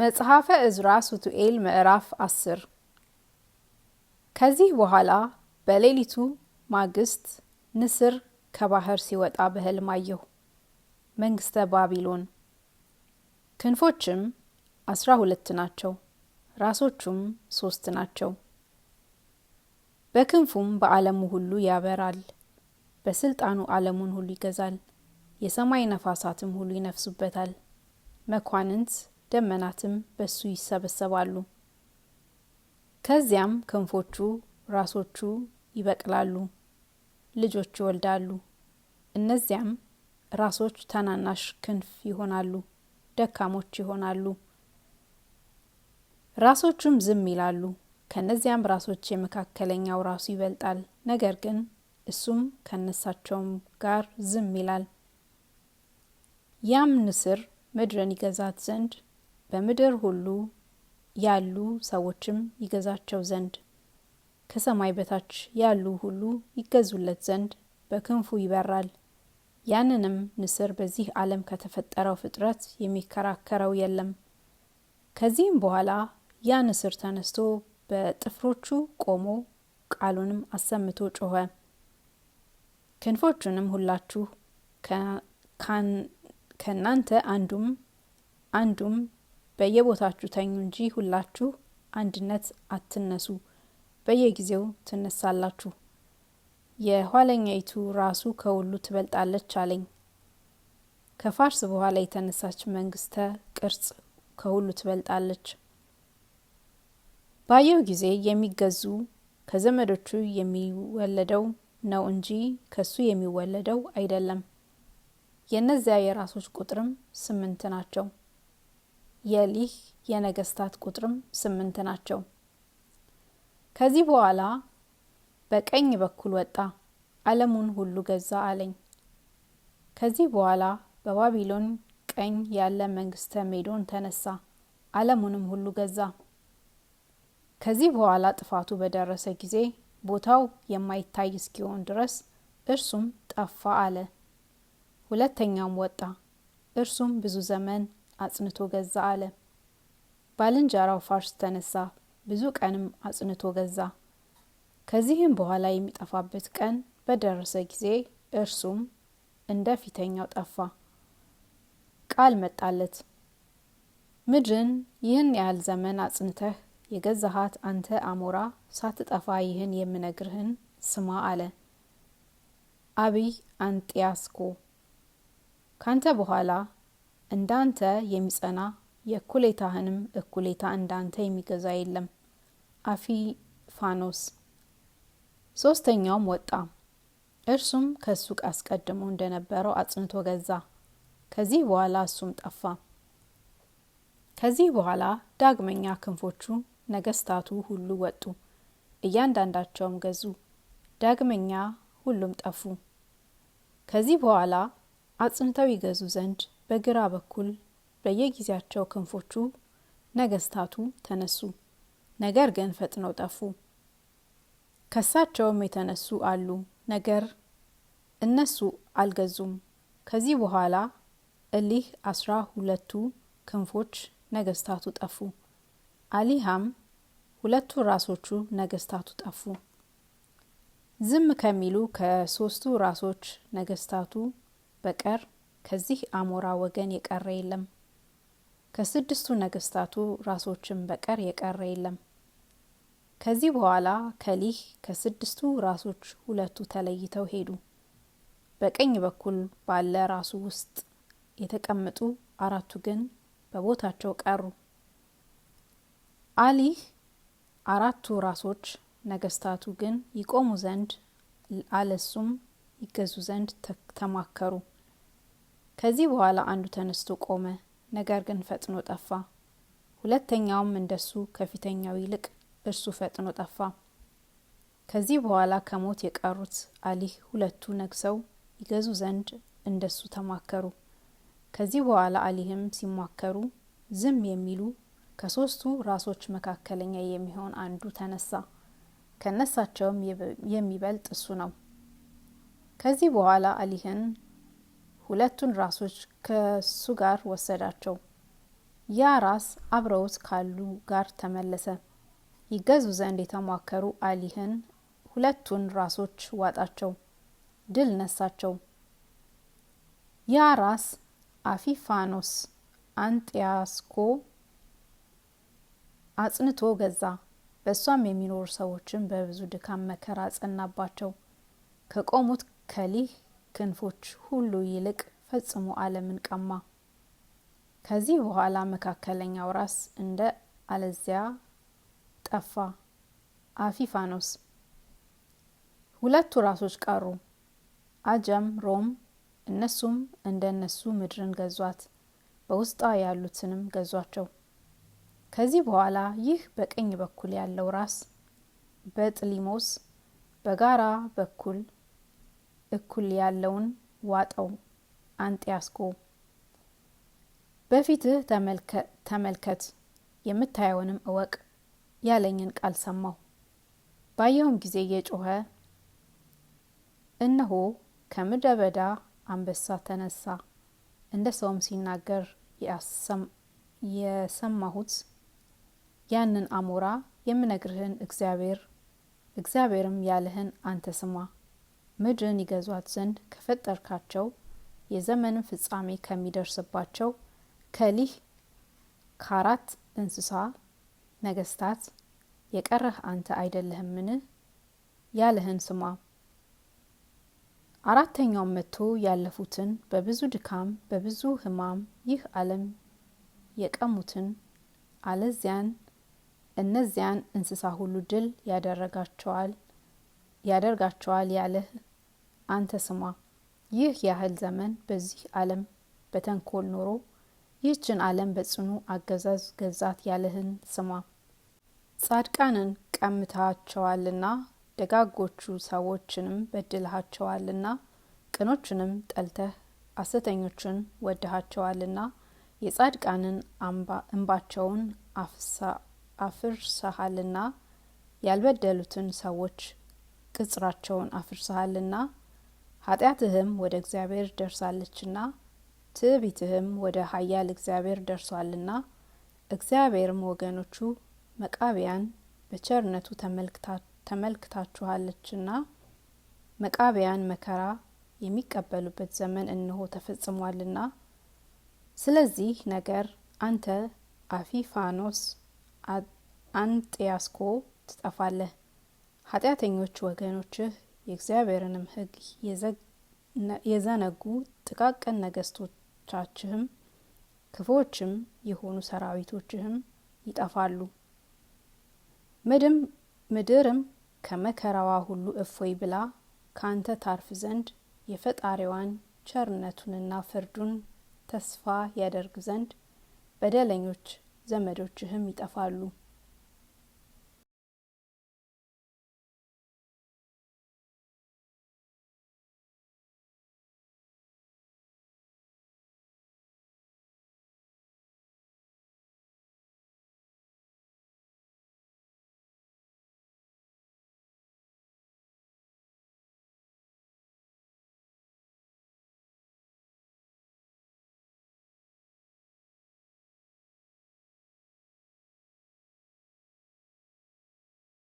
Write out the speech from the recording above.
መጽሐፈ እዝራ ሱቱኤል ምዕራፍ አስር ከዚህ በኋላ በሌሊቱ ማግስት ንስር ከባህር ሲወጣ በሕልም አየሁ። መንግስተ ባቢሎን ክንፎችም አስራ ሁለት ናቸው፣ ራሶቹም ሶስት ናቸው። በክንፉም በዓለሙ ሁሉ ያበራል፣ በስልጣኑ ዓለሙን ሁሉ ይገዛል፣ የሰማይ ነፋሳትም ሁሉ ይነፍሱበታል። መኳንንት ደመናትም በሱ ይሰበሰባሉ። ከዚያም ክንፎቹ ራሶቹ ይበቅላሉ፣ ልጆች ይወልዳሉ። እነዚያም ራሶች ታናናሽ ክንፍ ይሆናሉ፣ ደካሞች ይሆናሉ። ራሶቹም ዝም ይላሉ። ከእነዚያም ራሶች የመካከለኛው ራሱ ይበልጣል፣ ነገር ግን እሱም ከእነሳቸውም ጋር ዝም ይላል። ያም ንስር ምድርን ይገዛት ዘንድ በምድር ሁሉ ያሉ ሰዎችም ይገዛቸው ዘንድ ከሰማይ በታች ያሉ ሁሉ ይገዙለት ዘንድ በክንፉ ይበራል። ያንንም ንስር በዚህ ዓለም ከተፈጠረው ፍጥረት የሚከራከረው የለም። ከዚህም በኋላ ያ ንስር ተነስቶ በጥፍሮቹ ቆሞ ቃሉንም አሰምቶ ጮኸ። ክንፎቹንም ሁላችሁ ከእናንተ አንዱም አንዱም በየቦታችሁ ተኙ እንጂ ሁላችሁ አንድነት አትነሱ፣ በየጊዜው ትነሳላችሁ። የኋለኛይቱ ራሱ ከሁሉ ትበልጣለች አለኝ። ከፋርስ በኋላ የተነሳች መንግስተ ቅርጽ ከሁሉ ትበልጣለች። ባየው ጊዜ የሚገዙ ከዘመዶቹ የሚወለደው ነው እንጂ ከሱ የሚወለደው አይደለም። የእነዚያ የራሶች ቁጥርም ስምንት ናቸው። የሊህ የነገስታት ቁጥርም ስምንት ናቸው። ከዚህ በኋላ በቀኝ በኩል ወጣ፣ ዓለሙን ሁሉ ገዛ አለኝ። ከዚህ በኋላ በባቢሎን ቀኝ ያለ መንግስተ ሜዶን ተነሳ፣ ዓለሙንም ሁሉ ገዛ። ከዚህ በኋላ ጥፋቱ በደረሰ ጊዜ ቦታው የማይታይ እስኪሆን ድረስ እርሱም ጠፋ አለ። ሁለተኛውም ወጣ፣ እርሱም ብዙ ዘመን አጽንቶ ገዛ አለ። ባልንጀራው ፋርስ ተነሳ፣ ብዙ ቀንም አጽንቶ ገዛ። ከዚህም በኋላ የሚጠፋበት ቀን በደረሰ ጊዜ እርሱም እንደ ፊተኛው ጠፋ። ቃል መጣለት፣ ምድርን ይህን ያህል ዘመን አጽንተህ የገዛሃት አንተ አሞራ ሳትጠፋ ይህን የምነግርህን ስማ አለ። አብይ አንጢያስኮ ካንተ በኋላ እንዳንተ የሚጸና የእኩሌታህንም እኩሌታ እንዳንተ የሚገዛ የለም። አፊፋኖስ ሶስተኛውም ወጣ፣ እርሱም ከሱቅ አስቀድሞ እንደነበረው አጽንቶ ገዛ። ከዚህ በኋላ እሱም ጠፋ። ከዚህ በኋላ ዳግመኛ ክንፎቹ ነገስታቱ ሁሉ ወጡ፣ እያንዳንዳቸውም ገዙ። ዳግመኛ ሁሉም ጠፉ። ከዚህ በኋላ አጽንተው ይገዙ ዘንድ በግራ በኩል በየጊዜያቸው ክንፎቹ ነገስታቱ ተነሱ፣ ነገር ግን ፈጥነው ጠፉ። ከሳቸውም የተነሱ አሉ፣ ነገር እነሱ አልገዙም። ከዚህ በኋላ እሊህ አስራ ሁለቱ ክንፎች ነገስታቱ ጠፉ፣ አሊሃም ሁለቱ ራሶቹ ነገስታቱ ጠፉ። ዝም ከሚሉ ከሶስቱ ራሶች ነገስታቱ በቀር ከዚህ አሞራ ወገን የቀረ የለም። ከስድስቱ ነገስታቱ ራሶችን በቀር የቀረ የለም። ከዚህ በኋላ ከሊህ ከስድስቱ ራሶች ሁለቱ ተለይተው ሄዱ። በቀኝ በኩል ባለ ራሱ ውስጥ የተቀመጡ አራቱ ግን በቦታቸው ቀሩ። አሊህ አራቱ ራሶች ነገስታቱ ግን ይቆሙ ዘንድ አለሱም ይገዙ ዘንድ ተማከሩ። ከዚህ በኋላ አንዱ ተነስቶ ቆመ፣ ነገር ግን ፈጥኖ ጠፋ። ሁለተኛውም እንደሱ ከፊተኛው ይልቅ እርሱ ፈጥኖ ጠፋ። ከዚህ በኋላ ከሞት የቀሩት አሊህ ሁለቱ ነግሰው ይገዙ ዘንድ እንደሱ ተማከሩ። ከዚህ በኋላ አሊህም ሲማከሩ ዝም የሚሉ ከሶስቱ ራሶች መካከለኛ የሚሆን አንዱ ተነሳ። ከነሳቸውም የሚበልጥ እሱ ነው። ከዚህ በኋላ አሊህን ሁለቱን ራሶች ከሱ ጋር ወሰዳቸው። ያ ራስ አብረውት ካሉ ጋር ተመለሰ። ይገዙ ዘንድ የተሟከሩ አሊህን ሁለቱን ራሶች ዋጣቸው፣ ድል ነሳቸው። ያ ራስ አፊፋኖስ አንጢያስኮ አጽንቶ ገዛ። በእሷም የሚኖሩ ሰዎችን በብዙ ድካም መከራ አጸናባቸው። ከቆሙት ከሊህ ክንፎች ሁሉ ይልቅ ፈጽሞ ዓለምን ቀማ። ከዚህ በኋላ መካከለኛው ራስ እንደ አለዚያ ጠፋ። አፊፋኖስ ሁለቱ ራሶች ቀሩ። አጀም፣ ሮም፣ እነሱም እንደ እነሱ ምድርን ገዟት፣ በውስጧ ያሉትንም ገዟቸው። ከዚህ በኋላ ይህ በቀኝ በኩል ያለው ራስ በጥሊሞስ በጋራ በኩል እኩል ያለውን ዋጠው አንጢያስቆ በፊትህ ተመልከት የምታየውንም እወቅ ያለኝን ቃል ሰማሁ። ባየውም ጊዜ እየጮኸ እነሆ ከምድረ በዳ አንበሳ ተነሳ፣ እንደ ሰውም ሲናገር የሰማሁት ያንን አሞራ የምነግርህን እግዚአብሔር እግዚአብሔርም ያለህን አንተ ስማ ምድርን ይገዟት ዘንድ ከፈጠርካቸው የዘመንን ፍጻሜ ከሚደርስባቸው ከሊህ ከአራት እንስሳ ነገስታት የቀረህ አንተ አይደለህምን? ያለህን ስማ። አራተኛውም መጥቶ ያለፉትን በብዙ ድካም በብዙ ሕማም ይህ ዓለም የቀሙትን አለዚያን እነዚያን እንስሳ ሁሉ ድል ያደርጋቸዋል ያለህ አንተ ስማ፣ ይህ ያህል ዘመን በዚህ ዓለም በተንኮል ኖሮ ይህችን ዓለም በጽኑ አገዛዝ ገዛት ያለህን ስማ። ጻድቃንን ቀምታቸዋልና ደጋጎቹ ሰዎችንም በድልሃቸዋልና ቅኖችንም ጠልተህ አሰተኞችን ወድሃቸዋልና የጻድቃንን እንባቸውን አፍርሰሃልና ያልበደሉትን ሰዎች ቅጽራቸውን አፍርሰሃልና ኃጢአትህም ወደ እግዚአብሔር ደርሳለችና ትዕቢትህም ወደ ሀያል እግዚአብሔር ደርሷልና እግዚአብሔርም ወገኖቹ መቃቢያን በቸርነቱ ተመልክታችኋለችና መቃቢያን መከራ የሚቀበሉበት ዘመን እንሆ ተፈጽሟልና ስለዚህ ነገር አንተ አፊፋኖስ አንጥያስኮ ትጠፋለህ። ኃጢአተኞች ወገኖችህ የእግዚአብሔርንም ሕግ የዘነጉ ጥቃቅን ነገስቶቻችህም ክፎችም የሆኑ ሰራዊቶችህም ይጠፋሉ። ምድርም ከመከራዋ ሁሉ እፎይ ብላ ካንተ ታርፍ ዘንድ የፈጣሪዋን ቸርነቱንና ፍርዱን ተስፋ ያደርግ ዘንድ በደለኞች ዘመዶችህም ይጠፋሉ።